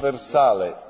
trasversale